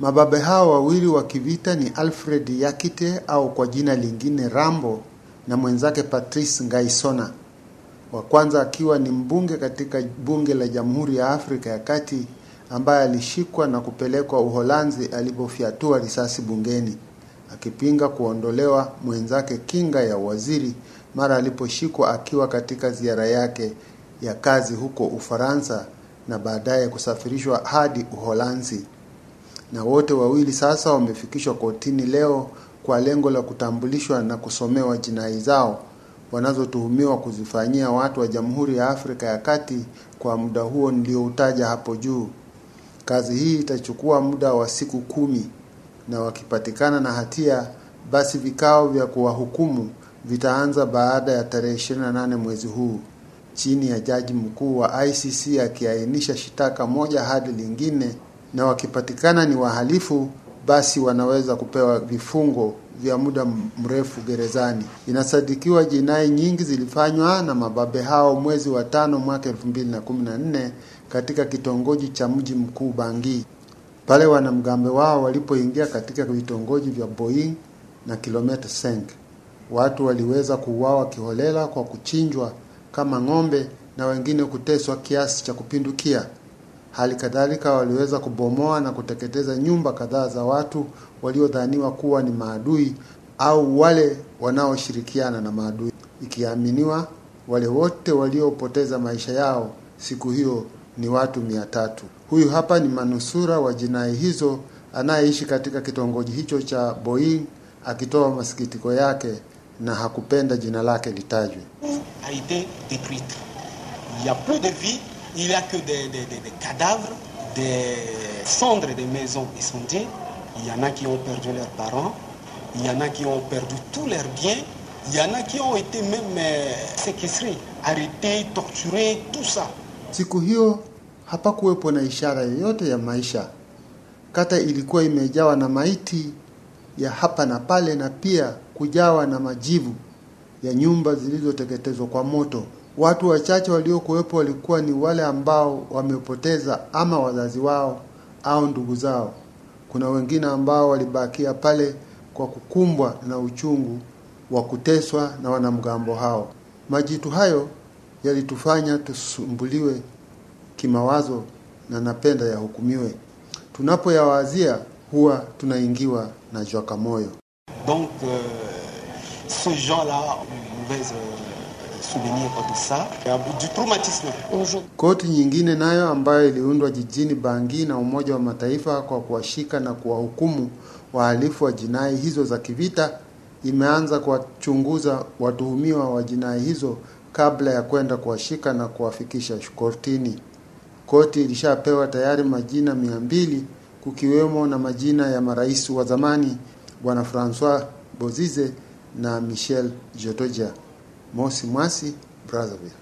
Mababe hao wawili wa kivita ni Alfred Yakite au kwa jina lingine Rambo na mwenzake Patrice Ngaisona, wa kwanza akiwa ni mbunge katika bunge la Jamhuri ya Afrika ya Kati ambaye alishikwa na kupelekwa Uholanzi alipofyatua risasi bungeni akipinga kuondolewa mwenzake kinga ya waziri mara aliposhikwa akiwa katika ziara yake ya kazi huko Ufaransa na baadaye kusafirishwa hadi Uholanzi na wote wawili sasa wamefikishwa kotini leo kwa lengo la kutambulishwa na kusomewa jinai zao wanazotuhumiwa kuzifanyia watu wa Jamhuri ya Afrika ya Kati kwa muda huo nilioutaja hapo juu. Kazi hii itachukua muda wa siku kumi na wakipatikana na hatia basi vikao vya kuwahukumu vitaanza baada ya tarehe 28 mwezi huu chini ya jaji mkuu wa ICC akiainisha shitaka moja hadi lingine na wakipatikana ni wahalifu, basi wanaweza kupewa vifungo vya muda mrefu gerezani. Inasadikiwa jinai nyingi zilifanywa na mababe hao mwezi wa tano mwaka nne katika kitongoji cha mji mkuu Bangi, pale wanamgambe wao walipoingia katika vitongoji vya Boing na kilometa Senk. Watu waliweza kuuawa kiholela kwa kuchinjwa kama ng'ombe na wengine kuteswa kiasi cha kupindukia. Hali kadhalika waliweza kubomoa na kuteketeza nyumba kadhaa za watu waliodhaniwa kuwa ni maadui au wale wanaoshirikiana na maadui, ikiaminiwa wale wote waliopoteza maisha yao siku hiyo ni watu mia tatu. Huyu hapa ni manusura wa jinai hizo anayeishi katika kitongoji hicho cha Boeing akitoa masikitiko yake na hakupenda jina lake litajwe. Il n'y a que des, des, des, des, cadavres, des cendres des maisons incendiées. Il y en a qui ont perdu leurs parents, il y en a qui ont perdu tous leurs biens, il y en a qui ont été même euh, séquestrés, arrêtés, torturés, tout ça. Siku hiyo hapakuwepo na ishara yoyote ya maisha. Kata ilikuwa imejawa na maiti ya hapa na pale na pia kujawa na majivu ya nyumba zilizoteketezwa kwa moto. Watu wachache waliokuwepo walikuwa ni wale ambao wamepoteza ama wazazi wao au ndugu zao. Kuna wengine ambao walibakia pale kwa kukumbwa na uchungu wa kuteswa na wanamgambo hao. Majitu hayo yalitufanya tusumbuliwe kimawazo na napenda yahukumiwe. Tunapoyawazia huwa tunaingiwa na jwaka moyo. Donc, euh, ce genre là mauvaise euh, souvenir du traumatisme. Koti nyingine nayo ambayo iliundwa jijini Bangi na Umoja wa Mataifa kwa kuwashika na kuwahukumu wahalifu wa jinai hizo za kivita imeanza kuwachunguza watuhumiwa wa jinai hizo kabla ya kwenda kuwashika na kuwafikisha kortini. Koti ilishapewa tayari majina mia mbili kukiwemo na majina ya marais wa zamani bwana Francois Bozize na Michel Jotoja. Mosimasi Brazzaville.